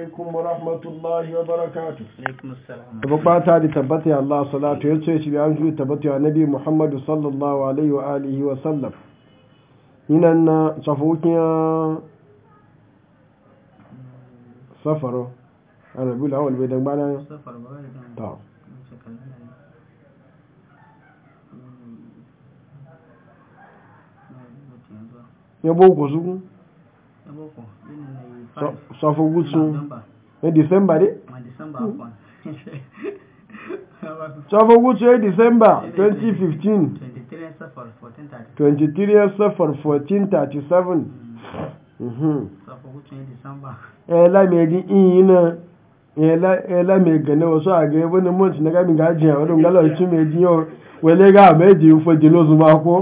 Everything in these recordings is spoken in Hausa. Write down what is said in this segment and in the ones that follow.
alaikum wa rahmatullahi wa barakatu bukata da tabbata Allah salatu ya ce shi bayan shi tabbata ya nabi Muhammadu sallallahu alaihi wa alihi wa sallam inan na safokin safaro bai dan bana ya boko ya boko sọfọ gúúsù ní december dé sọfọ gúúsù ní december 2015 23 sọfọr 1437 ẹ̀lámẹ̀ẹ́dì ìyìn náà ẹ̀lámẹ̀ẹ́gẹ̀ náà wọ́n sọ àgẹ́ ẹgbẹ́ ní mọ́tí ní gámi gájì àwọn ọdún gálọ̀ ìtúnmẹ̀ẹ́dì yọ wẹ̀lẹ́gà àmẹ́dì ń fọ́jẹ́ lóṣùmọ́ akó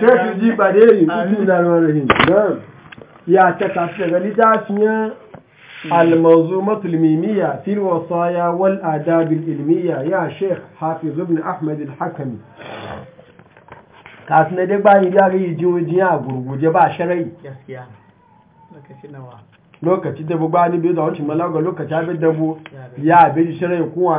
ṣe ti jí pàdé ìrìn ya ta tafi daga littafiyan المنظومة الميمية في الوصايا والآداب العلمية يا شيخ حافظ ابن أحمد الحكمي كاسنا دي باي جاري جوجيا غرغوجي با شرعي gaskiya lokaci nawa lokaci da bu bani bi da wancin malaga lokaci abin da bu ya bi shari'a kuwa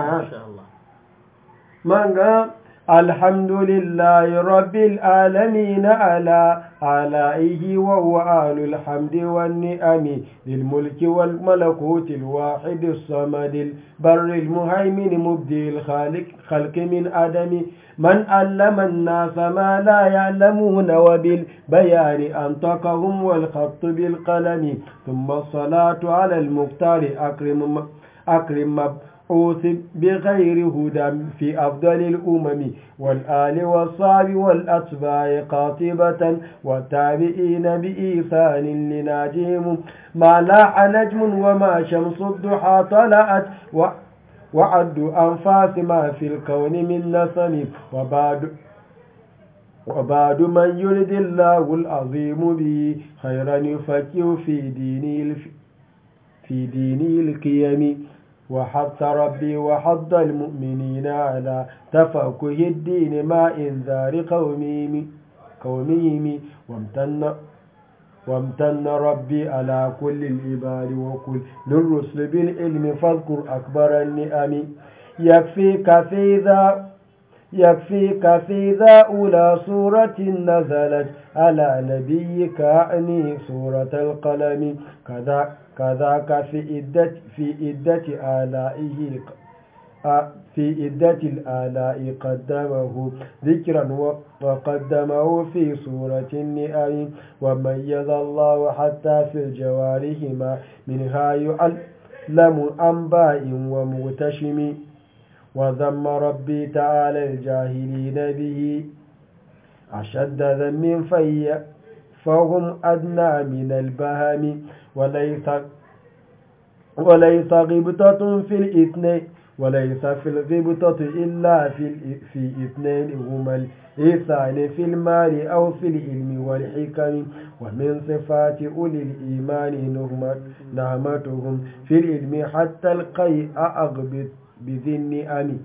ya الحمد لله رب العالمين على علائه وهو آل الحمد والنعم للملك والملكوت الواحد الصمد البر المهيمن مبدي الخالق خلق من عدم من علم الناس ما لا يعلمون وبالبيان أنطقهم والخط بالقلم ثم الصلاة على المختار أكرم أكرم أوصب بغير هدى في أفضل الأمم والآل والصاب والأتباع قاطبة والتابعين بإيثان لناجهم ما لاح نجم وما شمس الضحى طلعت وعد أنفاس ما في الكون من نسم وبعد وبعد من يرد الله العظيم به خيرا يفكر في دينه في دينه القيم وحث ربي وحض المؤمنين على تفقه الدين ما إنذار قومهم قومهم وامتن وامتن ربي على كل العباد وكل للرسل بالعلم فاذكر أكبر النعم يكفيك في ذا يكفيك في ذا أولى سورة نزلت على نبيك أعني سورة القلم كذا كذاك في إدة في إدة آلائه في إدة الآلاء قدمه ذكرا وقدمه في سورة النئم وميز الله حتى في الجوارهما منها يعلم أنباء ومغتشم وذم ربي تعالى الجاهلين به أشد ذم فهم أدنى من البهم وليس وليس غبطة في الاثنين وليس في الغبطة إلا في في اثنين هما الإثان في المال أو في العلم والحكم ومن صفات أولي الإيمان نعمتهم في العلم حتى القيء أغبط بذن أمي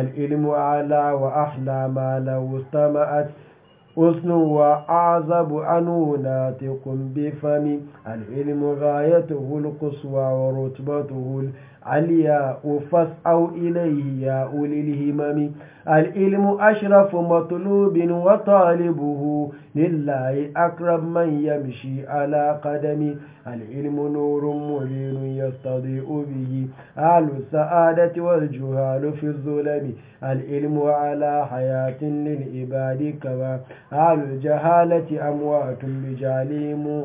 العلم أعلى وأحلى ما لو استمعت حسن وأعذب أنه ناطق بفم العلم غايته القصوى ورتبته الياء فاسعوا إليه يا أولي الهمم العلم أشرف مطلوب وطالبه لله أقرب من يمشي على قدم العلم نور مهين يستضيء به أهل السعادة والجهال في الظلم العلم على حياة للعباد كما أهل الجهالة أموات بجالهم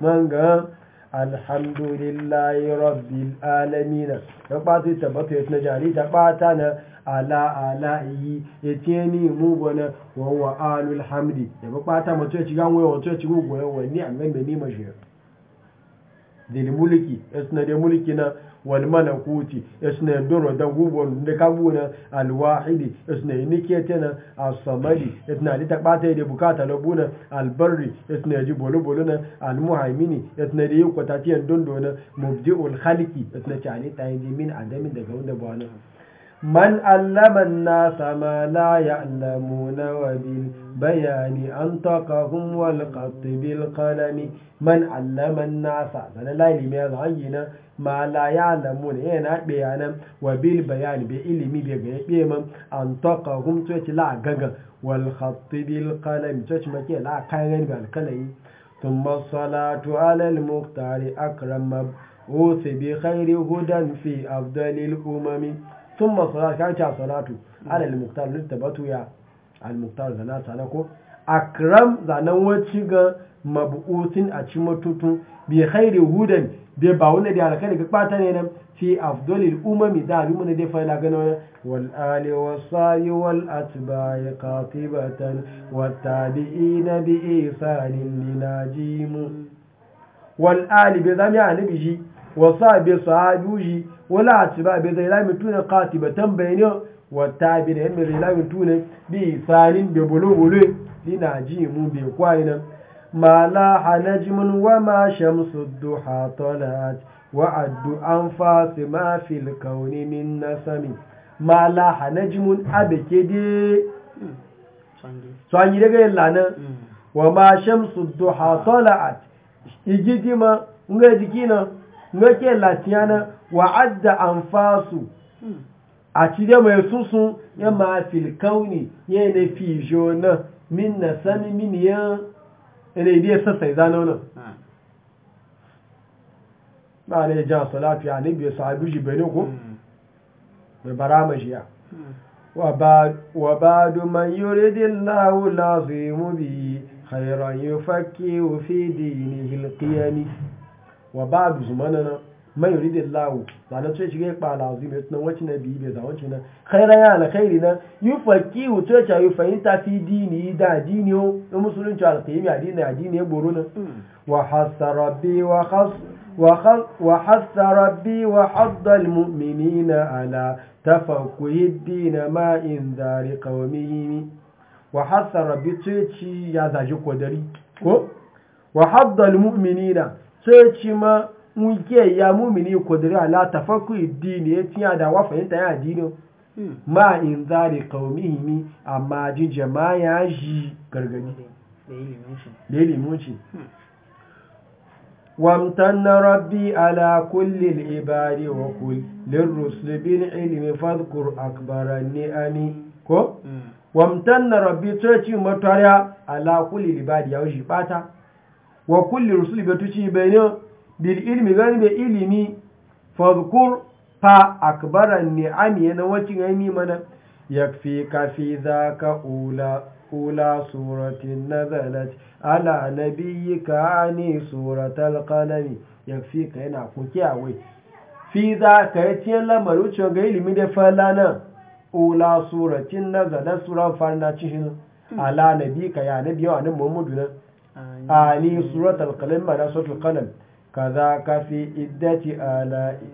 من قام alhamdulillahi rabbil alamina ya ta tabbata ya tunajari ta ɓata na ala ala yi ya ni mu gwana wawa alul hamdi ya ba ɓata mace ya ci gan waya ya ci gugu wani a gan da ni mashi zai mulki ya suna da mulki na Wani wal malakuti yasna duro da gubon da kabuna al wahidi nike tana as samadi li takbata da bukata labuna buna barri yasna ji bolo bolo na al muhaimini yasna da yuko dondo na mubdiul khalqi yasna ta ta min adamin daga wanda bwana man allaman nasa ma la ya'lamuna wa bil bayani an taqahum wal qat bil qalami man allaman nasa sanan la ilimi ya zangina ma la ya'lamuna yana eh, bayanan wa bil bayani bi ilimi bi ga yabe man an taqahum to ci la gaga wal qat bil qalami to ci make la kayan bil qalami ثم الصلاة على المختار أكرم مبعوث بخير هدى في أفضل الأمم sun masu kan ca salatu ala al-muktar littabatu ya al-muktar zana sana ko akram zanen wacce ga mabu'usin a ci matutu bi khairi hudan bi ba wanda da alaka daga kpata a nan fi afdalil umami da alimu ne dai fa'ila gano wani wal ali wasai wal atba'i qatibatan wat tabi'ina bi ihsanin linajimu wal ali bi zamiya nabi shi wasu abin sahabi wuji wani a cibar abin zai lami tunan kati ba tambayeni wata abin da yadda zai lami tunan bi isanin da bulogulo ni na ji mu bai kwayi nan ma la hana jimin wa ma shamsu duha tonat an fasi ma fil kauni na sami ma la hana jimin abin ke de tsanyi daga yin wa ma shamsu duha tonat igidima Nga jiki na noke latiyana wa adda anfasu hmm. a cide mai susu ya ma fil kauni ya ne fi jona min na sami min ya ne idiyar ya zano wani ba ne jan salafi a ne biya sahabi jibeni ko hmm. mai barama jiya وبعد من يريد الله العظيم به خيرا يفكه في دينه القيم wa ba su mana na mai yuridin lawo ba na ce shiga ikpa na azumi tunan wacce na biyu da zawon cinan khairan ya na khairi nan yi faki wuce ca yi fahimta fi dini da dini o musulunci alkaimi a dini a dini ya boro nan hmm. wa hasa rabbi wa وحث ربي وحض المؤمنين على تفقه الدين ما انذار قومهم وحث ربي تشي يا زاجي قدري sai ci ma wuke ya mumini kudiri ala tafakku dini e e ya tiya da wa fahimta ya dini hmm. ma in zari kaumihimi amma ji jama'a ya ji gargadi da ilimin shi وامتن ربي على كل العباد وكل للرسل بالعلم فاذكر أكبر النعم كو وامتن ربي تشي متاريا على كل العباد يا وجي باتا wa kulli rusul bi tuci bayna bil ilmi gani bi ilimi fadhkur fa akbara ni'ami yana wacin ayi mana yakfi ka fi ka ula ula suratin nazalat ala nabiyyika ani suratal qalami yakfi ka yana kuke awai fi dhaka yace lamaru ce ga ilimi da falana ula suratin nazalat sura farna cihin hmm. ala nabiyyika ya nabiyyu anan muhammadu ali surat alqalam ma surat alqalam kaza ka fi iddati ala'i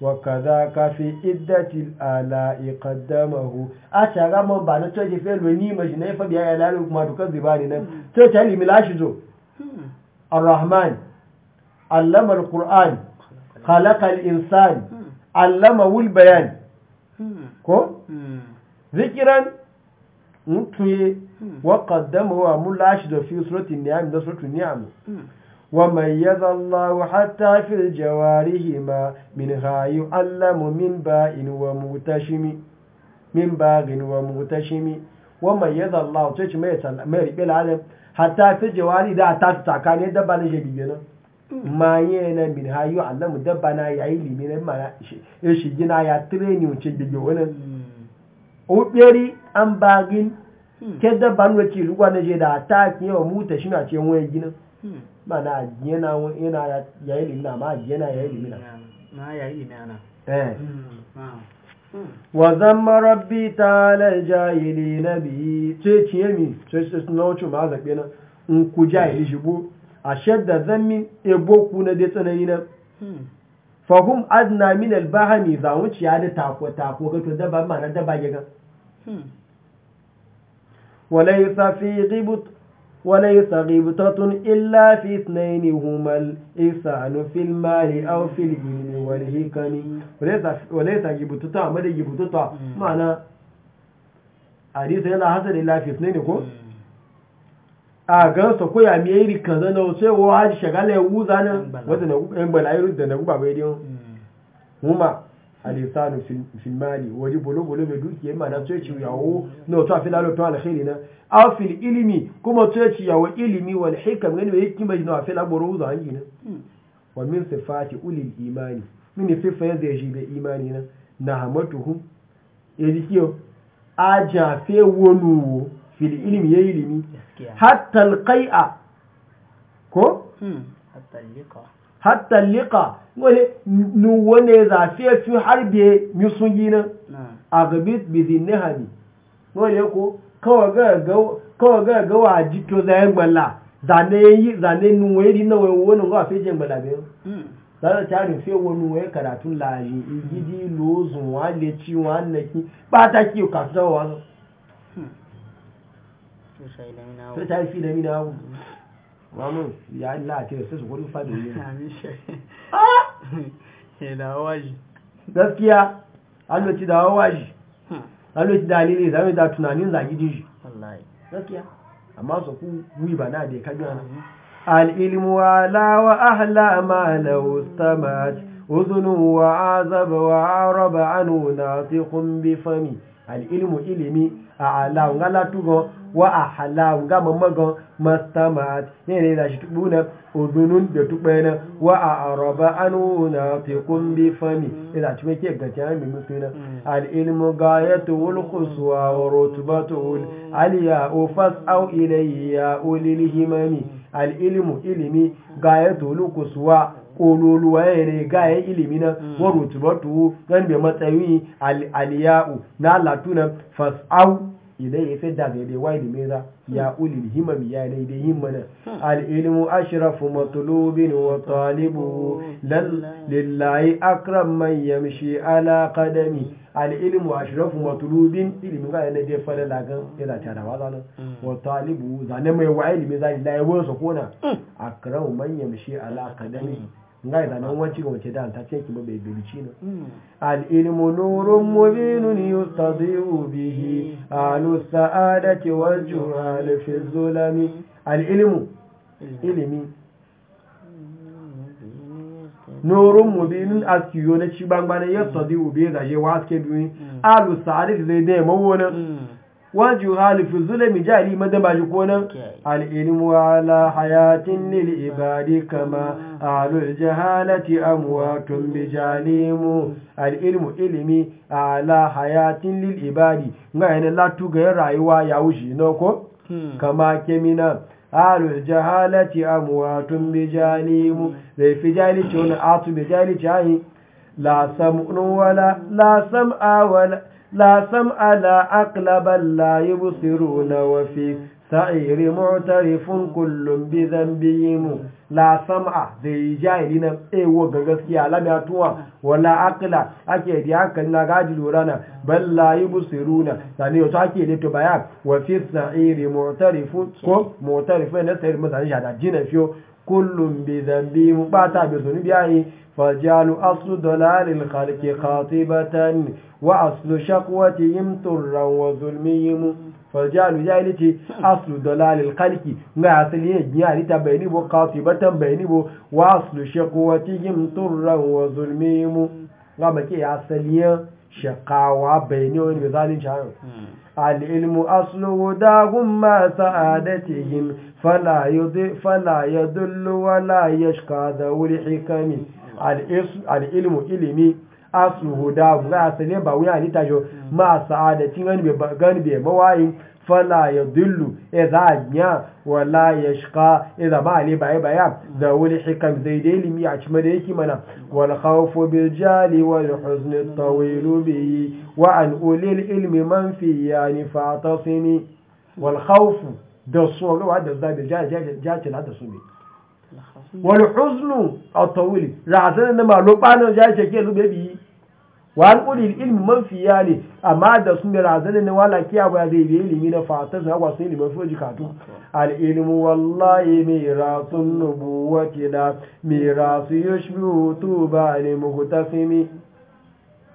wa kaza ka fi iddati ala'i qaddamahu a shaga man ba na toje fe lo ni ma jinai fa biya ya lalu kuma to kaziba ne nan to ta ilmi lashi zo arrahman allama alquran khalaqa alinsan allama wul bayan ko zikiran ntuye wakadamu wa mulashi da fi suratun da suratun ni'am wa mayyaza Allah hatta fi jawarihi ma min hayu allamu min ba'in wa wa mutashimi wa mayyaza Allah ta ce mai mai ribe alalim hatta fi jawari da ta tsakanin dabba ne jabi ne ma yana min na yayi limin ya training ukperi an bagin hmm. kedda banwe ci lugwa na je da ta ki yawa muta shi na ce wani gina hmm. mana yana yana ya yi na ma yana ya yi limina ma ya yi limina eh hmm, wa zamma rabbi ta'ala jahili nabi ce ci yemi ce ce na wuce ma zabe na in ku jahili shigo a shadda zammi ebo ku na dai tsanayi na fahim adna min albahami za wuciya da tako-tako ga to daba mana daba ya ga hmm. walaisa ributatun illa fi tsnaini humal isanu fil mali aw fil gini wal hikami walaisa ributatun amma da ributatun hmm. ma'ana hadisa yana hasari illa fi tsnaini ko? Hmm. a gan so ko ya mi iri kan zan o se shagala wu zana wata na en bala iru da na guba bai dion huma mm. alisanu fil mali waji bolo bolo be dukiye ma na tsoci yawo no to afila lo to na aw fil ilmi kuma tsoci yawo ilmi wal hikam ngani be hikima jino afila boro wu zan jina mm. wa min sifati ulil imani min sifa yadda yaji be imani na na hamatuhum fil ilimi ya yi ilimi hatta alqai'a ko hmm. hatta liqa wale nu wane zafiya fi harbe mi sun yi nan a gabi bizin nihami wale ko kawai ga ga wa to zayen gbala zane yi zane nu wani ri na wani ga fi jen gbala bayan hmm. zane ta fi wani wani karatun layi igidi lozun wa leci wa annaki ba ta kiyo kasuwa wani sai ta fi da mina wu mamu ya Allah ke sai su gurin yi. ne amin da ila waji gaskiya alloci da waji alloci da alili zai da tunanin zagi diji gaskiya amma su ku mu ba na da kaji ana al ilmu wa la wa ahla ma law istamat udhunu wa azab wa rab'anu natiqun bi fami al'ilmu ilimi a alawu ga latugan wa a halawu ga mamagan mastama'at ne ne da shi tuɓu na da tuɓe wa a araba an na tekun bi fami ila e ci mai ke gaci an bi na al'ilmu ga ya tuwul kusuwa wa rotuba tuwul aliya o fas au ilayya ulil himami al'ilmu ilimi ga ya tuwul kusuwa kololuwa ya ne ga ya ilimi na mm. waru tubatu nan bai matsayi aliya'u na latuna fas'au idan ya fi da daidai wa ilimi za ya hmm. ulil himam ya daidai himmana hmm. al'ilmu ashrafu matulubin wa talibu lillahi akram man yamshi ala qadami hmm. al'ilmu ashrafu matulubin ilimin ga yana dai fara lagan yana tara wa zanen wa talibu zane mai wa ilimi za lillahi wa sakona akram man yamshi ala qadami ngai da nan wancin wace da ta ce kuma bai bilci ne hmm. al ilmu nurun mubinun yustadiu bihi hmm. alu sa'adati wal juhal fi zulami hmm. al ilmu ilimi nurun mubinun askiyo na ci bangbana yustadiu bihi da je waske duni alu sa'adati zai da mawonan waju halifu zulami jari madan ba shi konan al'ilmu ala hayatin lil ibadi kama alul jahalati amwatun bi jalimu al'ilmu ilimi ala hayatin lil ibadi ga yana latu ga rayuwa ya wuce na ko hmm. kama kemina alul jahalati amwatun bi jalimu zai fi jalici wani atu bi jalici ayi la la sam'a wala لا سمع لا عقل بل لا يبصرون وفي سعير معترف كل بذنبه la sam'a da yi jahili na tsewo ga gaskiya lam tuwa wala aqla ake da hankali na gaji lura na bal la yubsiruna sani wato ake da to bayan wa sa'iri mu'tarifun ko mu'tarifun na sayar mutane shada jina fiyo kullum bi zambi mu bata bi sunu biyayi fajalu aslu dalalil khalqi qatibatan wa aslu shaqwati turran wa zulmihim fajalu jahilati aslu dalalil khalqi nga asali ye jiya ni ta bayni bo qatibatan bayni bo wa aslu shaqwati turran wa zulmihim nga make asali shakawa bai ne wani zalin shahan al'ilmu aslu dagun masu adatihim fala ya dullu wala ya da wuri hikami al'ilmu ilimi aslu dagun asali ba wuya ni tajo masu adatin gani bai mawayin fala ya dillu idza e nya wala yashqa idza e ma ali bai baya da wani hikam zai da ilimi a cikin da yake mana wal khawfu bil jali wal huzn tawil bi wa an al ilmi man fi yani fatasimi wal khawfu da tsoro wa da zabi jaji da su ne wal huzn at tawil razan da ma lobano jaji ke lube bi Wani an ƙuri ilmi man fiya ne amma da sun da razana ne wala kiya ba zai bi ilimi na fata su hagwa sun ilimin foji katu al Al'ilmu wallahi mai mirasun nubuwati da mai mirasu yushbihu tuba ne muhtasimi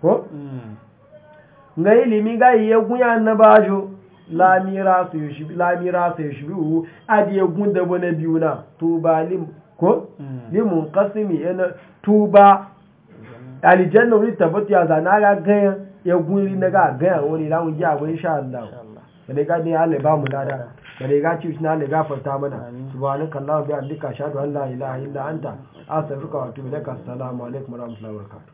ko hmm. ga ilimi ga iya gunya na bajo la mirasu yushbihu la mirasu yushbihu adiye gunda bane biyu na tuba limu ko hmm. limun qasimi yana tuba alijanna wuri tabbata ya zana ga ganyen ya guri na ga ganyen wani ramun ji abu insha Allah bane ga ne Allah ba mu lada bane ga ci shi na Allah farta mana subhanaka allahumma bi hamdika ashhadu an la ilaha illa anta astaghfiruka wa atubu assalamu alaikum wa rahmatullahi wa barakatuh